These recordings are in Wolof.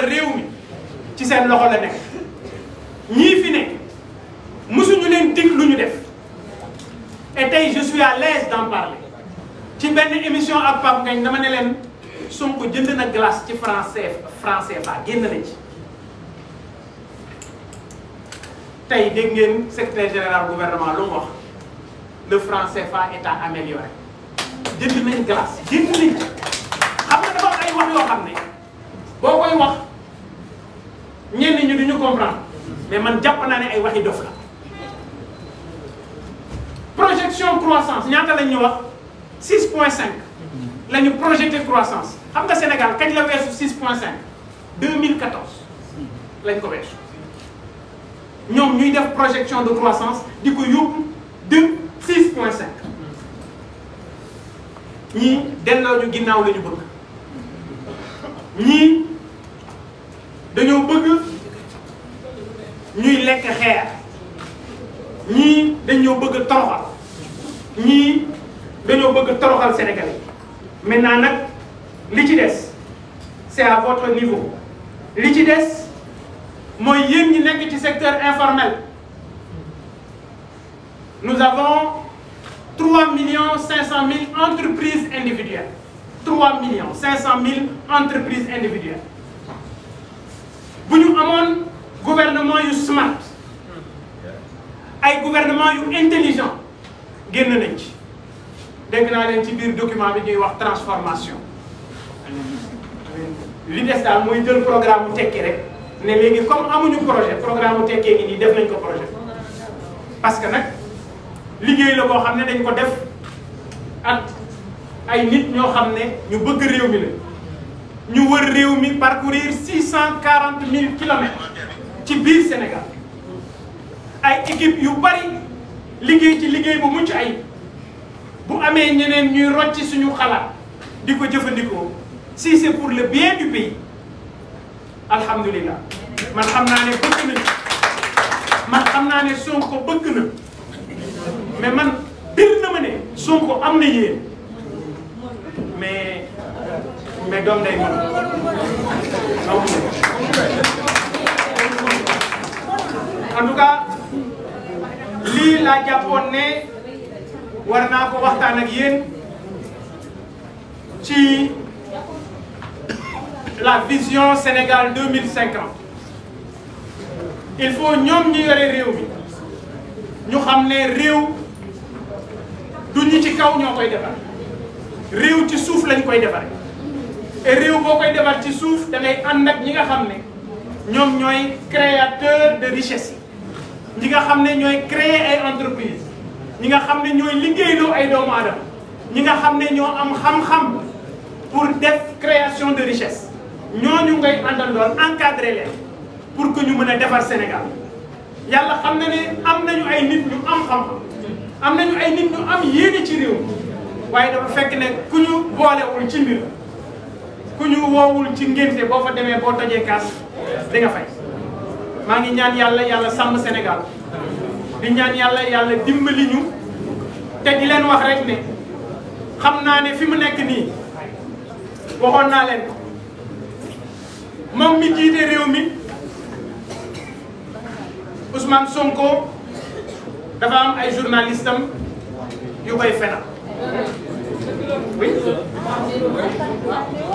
ñaar réew mi ci seen loxo la nekk ñii fi ne mësuñu leen dig lu ñu def et tey je suis à l'aise d'en parler ci benn émission ak Pape dama ne leen Sonko jënd na glace ci français français ba génn na ci tey dégg ngeen secrétaire général gouvernement lu mu wax le franc CFA est à améliorer jënd nañ glace jënd nañ ci xam nga dafa ay wax yoo xam ne comprendre mais man jàpp naa ne ay waxi dof la projection croissance ñaata lañ ñu wax 6 point 5 la ñu projeté croissance xam nga Sénégal kañ la weesu 6 point 5 2014 lañ ko weesu ñoom ñuy def projection de croissance di ko yóbbu de 6 point 5 ñii delloo ñu ginnaaw la bëgg ñuy lekk xeer ñii dañoo bëgg a toroxal ñii dañoo bëgg a toroxal Sénégalais maintenant nag li ci des c'est à votre niveau li ci des mooy yéen ñi nekk ci secteur informel nous avons trois millions cinq cent mille entreprises individuelles trois millions cinq cent mille entreprise individuelles bu ñu amoon gouvernement yu smart ay gouvernement yu intelligent génn nañ ci dégg naa leen ci biir document bi ñuy wax transformation li des daal mooy jël programme bu tekki rek ne léegi comme amuñu projet programme bu tekkee ngi nii def nañ ko projet parce que nag liggéey la koo xam ne dañ ko def ak ay nit ñoo xam ne ñu bëgg réew mi la ñu wër réew mi parcourir six cent quarante mille kilomètres ci biir Sénégal ay équipe yu bari liggéey ci liggéey bu mucc ay bu amee ñeneen ñuy rocci suñu xalaat di ko jëfandikoo si c'est pour le bien du pays alhamdulilah man xam naa ne bëgg na man xam naa ne ko bëgg na mais man biir na ma ne Sonko am na yéen mais mais doom day mën en tout cas lii laa jàppoon ne war naa ko waxtaan ak yéen ci la vision Sénégal 2050 il faut ñoom ñu yore réew mi ñu xam ne réew du ñu ci kaw ñoo koy defar réew ci suuf lañ koy defar et réew boo koy defar ci suuf da ngay ànd ak ñi nga xam ne ñoom ñooy créateur de richesse ñi nga xam ne ñooy créer ay entreprise ñi nga xam ne ñooy liggéeyloo ay doomu aadama ñi nga xam ne ñoo am xam-xam pour def création de richesse ñooñu ngay àndandoon encadrer leen pour que ñu mën a defar Sénégal yàlla xam na ne am nañu ay nit ñu am xam-xam am nañu ay nit ñu am yéene ci réew waaye dafa fekk ne ku ñu boolewul ci mbir ku ñu woowul ci ngénte boo fa demee boo tojee kaas di nga fay maa ngi ñaan yàlla yàlla sàmm senegal di ñaan yàlla yàlla dimbali ñu te leen wax rek ne xam naa ne fi mu nekk nii waxoon naa leen moom mi jiite réew mi Ousmane Sonko dafa am ay journaliste am yu koy fenal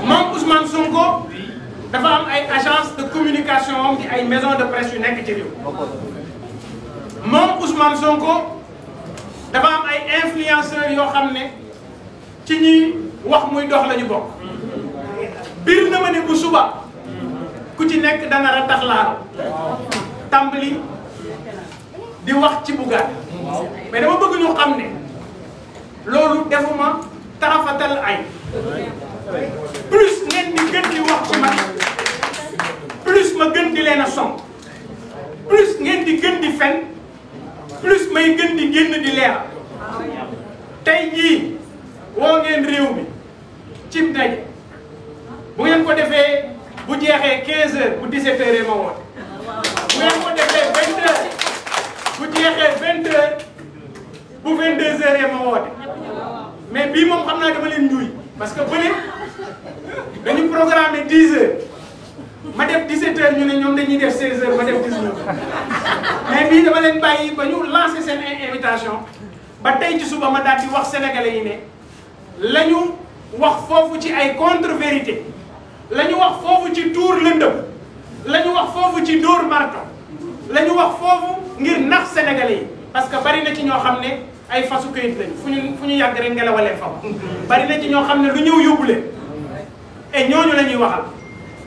moom Ousmane Sonko. dafa am ay agence de communication di ay maison de presse yu nekk ci réew moom Ousmane Sonko dafa am ay influenceurs yoo xam ne ci ñi wax muy dox lañu ñu bokk biir na ma ne bu suba ku ci nekk dana ratax laaru tàmbali di wax ci Bougane mais dama bëgg ñu xam ne loolu defuma tarafatal ay plus ngeen di gën di wax ci man plus ma gën di leen a sonk plus ngeen di gën di fen plus may gën di génn di leeral tey jii woo ngeen réew mi cib naje bu ngeen ko defee bu jeexee 15 heures bu 17 heures ma woote bu ngeen ko defee 20 heures bu jeexee 20 heures bu 22 heures ma woote mais bii moom xam naa dama leen njuuy parce que bële dañu programmé 10 heures. ma def 17 heures ñu ne ñoom dañuy def 16 heures ma def 19 mais bii dama leen bàyyi ba ñu lancé seen invitation ba tey ci suba ma daal di wax sénégalais yi ne la ñu wax foofu ci ay contre vérité la ñu wax foofu ci tuur lëndëm la ñu wax foofu ci dóor marto la ñu wax foofu ngir nax sénégalais yi parce que bari na ci ñoo xam ne ay fasu kayit lañu fu ñu fu ñu yàgg rek ngelawalee faw bari na ci ñoo xam ne lu ñëw yóbbu leen et ñooñu la ñuy waxal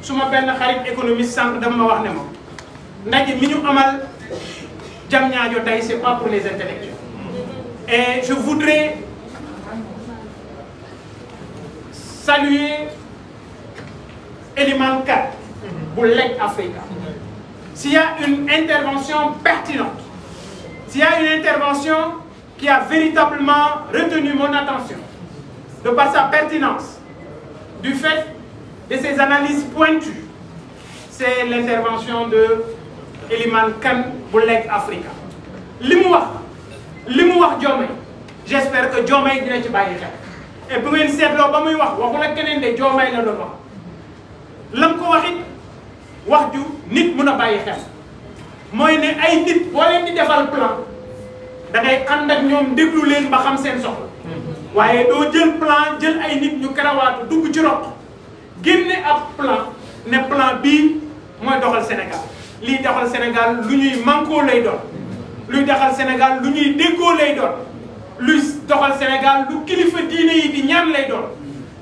suma benn xarit économiste sànq dama ma wax ne mi ñu amal jam ñaajo tey c'est pas pour les intellectuels et je voudrais saluer élément 4 bu Leg Africa s'il une intervention pertinente s'il y a une intervention qui a véritablement retenu mon attention de par sa pertinence du fait de ces analyses pointues, c'est l'intervention de Eliman Khan bu Leg Africa li mu wax li mu wax Diomaye j'espère que Diomaye dina ci bàyyi xel et seetloo ba muy wax waxu la keneen de Diomaye la doon wax lam ko wax wax ju nit mun a bàyyi xel mooy ne ay nit boo leen di defal plan da ngay ànd ñoom déglu leen ba xam seen soxla hmm. waaye doo jël plan jël ay nit ñu karawaatu dugg ci roq génne ab plan ne plan bii mooy doxal Sénégal liy doxal Sénégal lu ñuy mànkoo lay doon luy doxal Sénégal lu ñuy déggoo lay doon luy doxal Sénégal lu kilifa diine yi di ñaan lay doon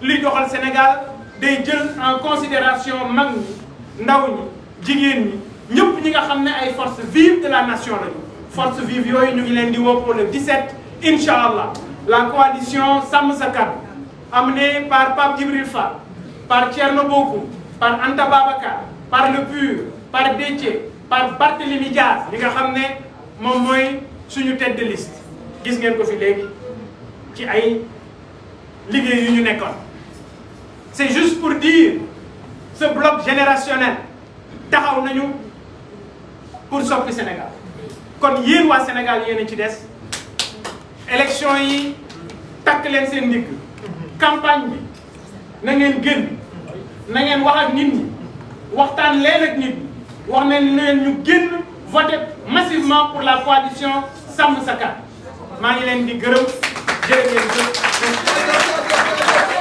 luy doxal Sénégal day jël en considération mag ñi ndaw ñi jigéen ñi ñëpp ñi nga xam ne ay forces vives de la nation lañu forces vives yooyu ñu ngi leen di woo pour le 17 incha allah la coalition sàmm sa kàddu amenée par Pape Djibril Fall par Thierno Bocoum par Anta Babacar par le PUR par Déthié par Barthélémy Dias li nga xam ne moom mooy suñu tête de gis ngeen ko fi léegi ci ay liggéey yu ñu nekkoon c'est juste pour dire ce bloc générationnel taxaw nañu pour soppi Sénégal kon yéen waa Sénégal yéen a ci des élection yi takk leen seen ndigg campagne bi na ngeen génn na ngeen wax ak nit ñi waxtaan leen nit ñi wax nañ leen ñu génn voté massivement pour la coalition Sàmm Sa maa ngi leen di gërëm jërë ngeen jëf